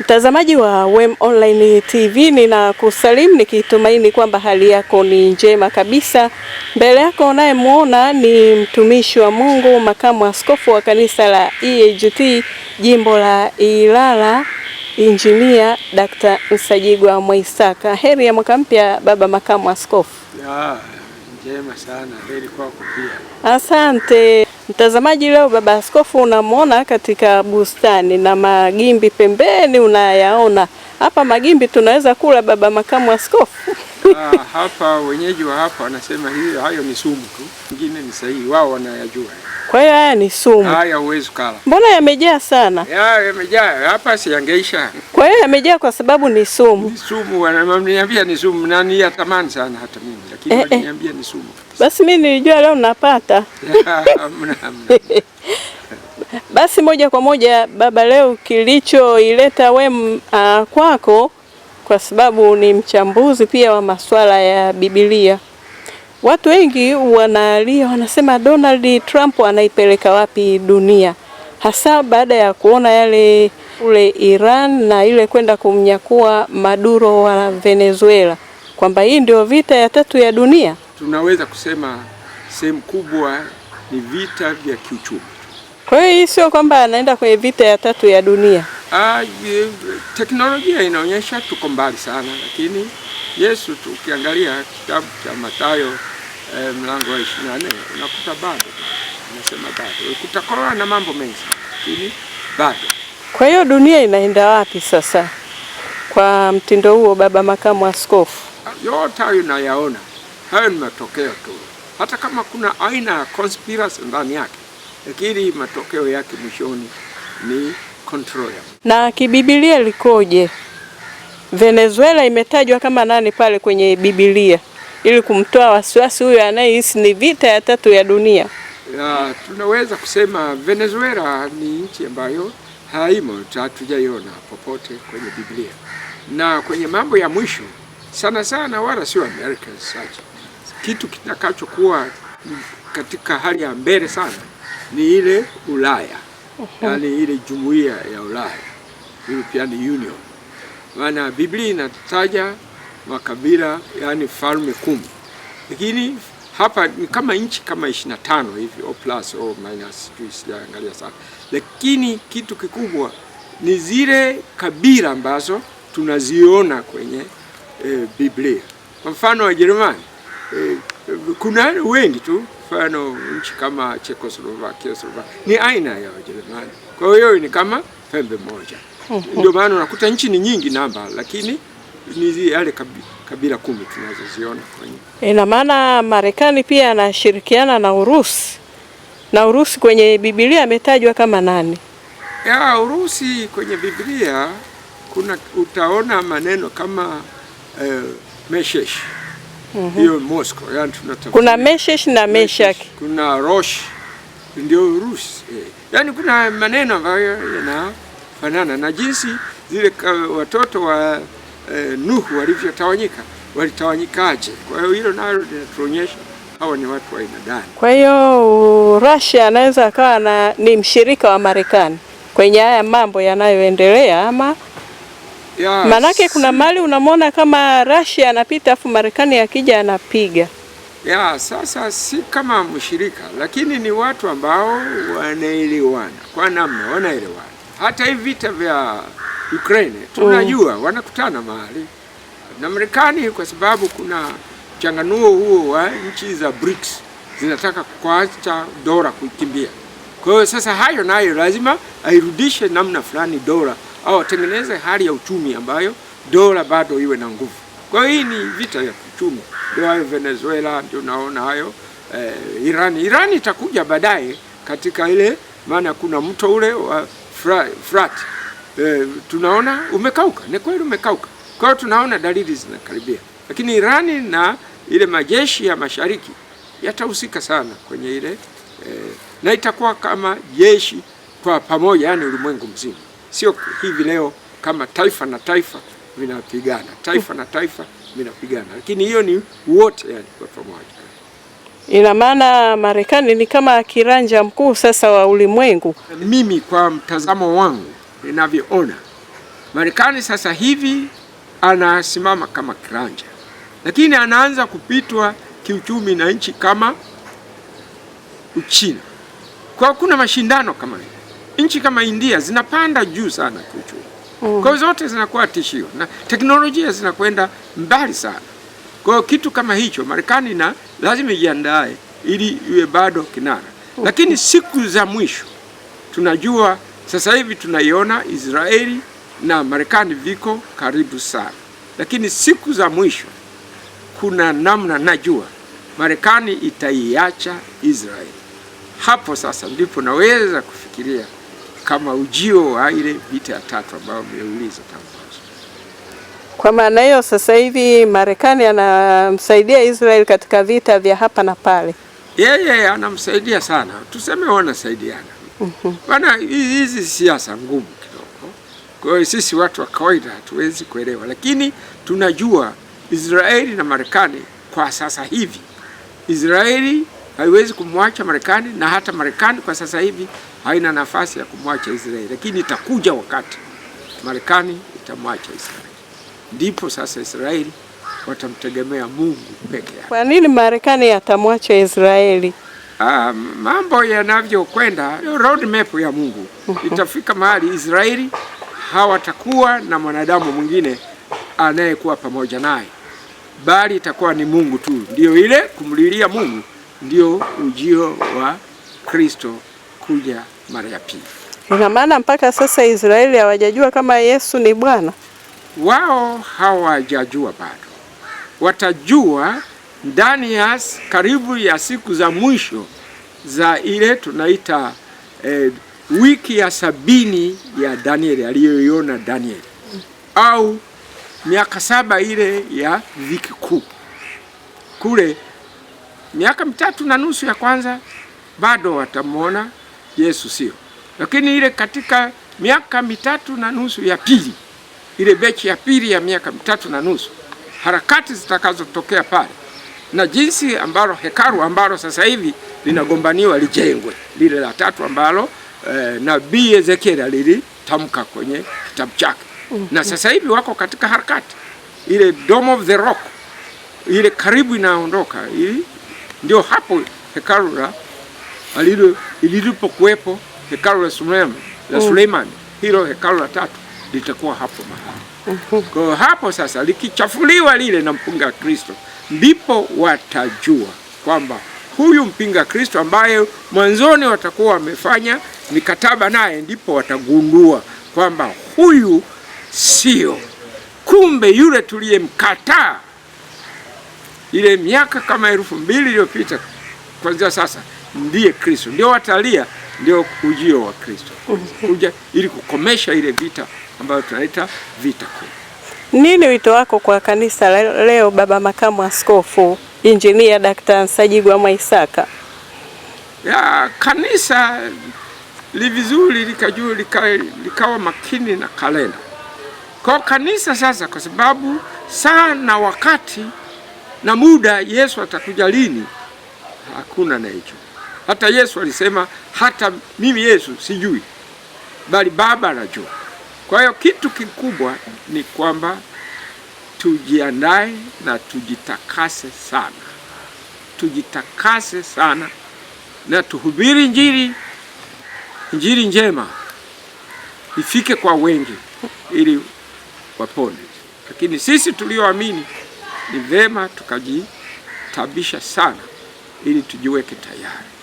Mtazamaji wa WEM Online TV, ninakusalimu nikitumaini kwamba hali yako ni njema kabisa. Mbele yako unayemwona ni mtumishi wa Mungu, makamu askofu wa kanisa la EAGT jimbo la Ilala, Injinia Dr. Msajigwa Mwaisaka. Heri ya mwaka mpya, baba makamu askofu. Ah. Njema sana, heri kwako pia. Asante mtazamaji. Leo baba askofu unamwona katika bustani na magimbi pembeni unayaona hapa. Magimbi tunaweza kula, baba makamu askofu? Ah, hapa wenyeji wa hapa wanasema hiyo hayo ni sumu tu, ingine ni sahihi, wao wanayajua. Kwa hiyo haya ni sumu, haya huwezi kula. Mbona yamejaa sana? Ya, yamejaa hapa, si yangeisha. Kwa hiyo yamejaa kwa sababu ni sumu, ni sumu wananiambia, ni sumu na ni ya thamani sana hata eh, eh. Basi mi nilijua leo napata basi moja kwa moja baba, leo kilichoileta we uh, ah, kwako kwa sababu ni mchambuzi pia wa masuala ya Biblia. Watu wengi wanalia wanasema, Donald Trump anaipeleka wapi dunia, hasa baada ya kuona yale ule Iran na ile kwenda kumnyakua Maduro wa Venezuela kwamba hii ndio vita ya tatu ya dunia? Tunaweza kusema sehemu kubwa ni vita vya kiuchumi. Kwa hiyo hii sio kwamba anaenda kwenye vita ya tatu ya dunia. Ah, teknolojia inaonyesha tuko mbali sana, lakini Yesu tukiangalia kitabu cha Mathayo eh, mlango wa 24 unakuta bado anasema bado kutakuwa na mambo mengi lakini bado. Kwa hiyo dunia inaenda wapi sasa kwa mtindo huo, baba makamu askofu? yote hayo inayaona, hayo ni matokeo tu, hata kama kuna aina ya conspiracy ndani yake, lakini matokeo yake mwishoni ni control. Na kibibilia likoje? Venezuela imetajwa kama nani pale kwenye Bibilia ili kumtoa wasiwasi huyo anayehisi ni vita ya tatu ya dunia. Ya, tunaweza kusema Venezuela ni nchi ambayo haimo, hatujaiona popote kwenye Biblia. Na kwenye mambo ya mwisho sana sana, wala sio America such. Kitu kitakachokuwa katika hali ya mbele sana ni ile Ulaya, yani ile jumuiya ya Ulaya, European Union. Maana Biblia inataja makabila, yani falme kumi, lakini hapa ni kama nchi kama 25 hivi o plus o minus, sijaangalia sana, lakini kitu kikubwa ni zile kabila ambazo tunaziona kwenye Eh, Biblia. Kwa mfano Wajerumani e, kuna wengi tu, mfano nchi kama Czechoslovakia, Slovakia ni aina ya Wajerumani, kwa hiyo ni kama pembe moja. Mhm. Ndio maana unakuta nchi ni nyingi namba, lakini ni yale kabila kumi tunazoziona kwenye. Ina eh, maana Marekani pia anashirikiana na Urusi, na Urusi kwenye Biblia ametajwa kama nani? Ya, Urusi kwenye Biblia kuna utaona maneno kama eh, meshesh mhm. hiyo mm -hmm. Moscow yani tunatafuta kuna meshesh na meshak, kuna rosh ndio Urusi eh. Yani kuna maneno ambayo yanafanana na jinsi zile watoto wa eh, Nuhu walivyotawanyika, walitawanyikaje? Kwa hiyo hilo nalo linatuonyesha hawa ni watu wa aina gani. Kwa hiyo Russia anaweza akawa ni mshirika wa Marekani kwenye haya mambo yanayoendelea ama yes. Maanake kuna mali unamwona kama Russia anapita afu Marekani akija anapiga ya sasa, si kama mshirika, lakini ni watu ambao wanaelewana kwa namna, wanaelewana hata hivi vita vya Ukraine tunajua mm. wanakutana mahali na Marekani kwa sababu kuna mchanganuo huo wa nchi za BRICS zinataka kuacha dola kuikimbia. Kwa hiyo sasa, hayo nayo lazima airudishe namna fulani dola au watengeneze hali ya uchumi ambayo dola bado iwe na nguvu. Kwa hiyo hii ni vita ya kiuchumi, ndio hayo Venezuela, ndio naona hayo eh, Irani. Irani itakuja baadaye katika ile maana, kuna mto ule wa Frat eh, tunaona umekauka, ni kweli umekauka. Kwa hiyo tunaona dalili zinakaribia, lakini Irani na ile majeshi ya mashariki yatahusika sana kwenye ile eh, na itakuwa kama jeshi kwa pamoja, yani ulimwengu mzima sio hivi leo kama taifa na taifa vinapigana, taifa na taifa vinapigana, lakini hiyo ni wote, yani kwa pamoja. Ina maana Marekani ni kama kiranja mkuu sasa wa ulimwengu. Mimi kwa mtazamo wangu ninavyoona, Marekani sasa hivi anasimama kama kiranja, lakini anaanza kupitwa kiuchumi na nchi kama Uchina, kwa kuna mashindano kama hiyo nchi kama India zinapanda juu sana kiuchumi mm. Kwa zote zinakuwa tishio na teknolojia zinakwenda mbali sana. Kwa hiyo kitu kama hicho Marekani na lazima ijiandae ili iwe bado kinara mm. Lakini siku za mwisho tunajua sasa hivi tunaiona Israeli na Marekani viko karibu sana, lakini siku za mwisho kuna namna, najua Marekani itaiacha Israeli. Hapo sasa ndipo naweza kufikiria kama ujio wa ile vita ya tatu ambayo mmeuliza tangu mwanzo. Kwa maana hiyo, sasa hivi Marekani anamsaidia Israel katika vita vya hapa na pale. Yeye yeah, yeah, anamsaidia sana, tuseme wanasaidiana bana. Mhm. mm hizi siasa ngumu kidogo, kwa hiyo sisi watu wa kawaida hatuwezi kuelewa, lakini tunajua Israeli na Marekani kwa sasa hivi, Israeli haiwezi kumwacha Marekani na hata Marekani kwa sasa hivi haina nafasi ya kumwacha Israeli, lakini itakuja wakati Marekani itamwacha Israeli, ndipo sasa Israeli watamtegemea Mungu peke yake. Kwa nini Marekani yatamwacha Israeli? Ah, mambo yanavyokwenda, road map ya Mungu itafika mahali Israeli hawatakuwa na mwanadamu mwingine anayekuwa pamoja naye, bali itakuwa ni Mungu tu. ndio ile kumlilia Mungu, ndio ujio wa Kristo kuja mara ya pili. Ina maana mpaka sasa Israeli hawajajua kama Yesu ni Bwana wao, hawajajua bado. Watajua ndani ya karibu ya siku za mwisho za ile tunaita eh, wiki ya sabini ya Danieli aliyoiona Danieli au miaka saba ile ya dhiki kuu kule, miaka mitatu na nusu ya kwanza bado watamwona Yesu sio. Lakini ile katika miaka mitatu na nusu ya pili, ile bechi ya pili ya miaka mitatu na nusu, harakati zitakazotokea pale na jinsi ambalo hekalu ambalo sasa hivi linagombaniwa lijengwe, lile la tatu ambalo eh, nabii Ezekiel lilitamka kwenye kitabu chake na sasa hivi wako katika harakati ile Dome of the Rock ile karibu inaondoka, ili ndio hapo hekalu la lilipokuwepo hekalu la Suleiman, la oh. Suleiman hilo hekalu la tatu litakuwa hapo mahali. Uh-huh. Kwa hapo sasa likichafuliwa lile na mpinga Kristo, ndipo watajua kwamba huyu mpinga Kristo ambaye mwanzoni watakuwa wamefanya mikataba naye, ndipo watagundua kwamba huyu sio, kumbe yule tuliyemkataa ile miaka kama elfu mbili iliyopita kuanzia sasa ndiye Kristo, ndio watalia, ndio ujio wa Kristo kuja ili kukomesha ile vita ambayo tunaita vita kuu. Nini wito wako kwa kanisa leo, baba makamu askofu injinia Dr. Nsajigwa Mwaisaka? Ya, kanisa li vizuri likajua likawa lika makini na kalenda kwa kanisa sasa, kwa sababu sana wakati na muda Yesu atakuja lini hakuna hicho hata Yesu alisema hata mimi Yesu sijui, bali Baba anajua. Kwa hiyo kitu kikubwa ni kwamba tujiandae na tujitakase sana, tujitakase sana na tuhubiri Injili, Injili njema ifike kwa wengi ili wapone. Lakini sisi tulioamini ni vema tukajitabisha sana ili tujiweke tayari.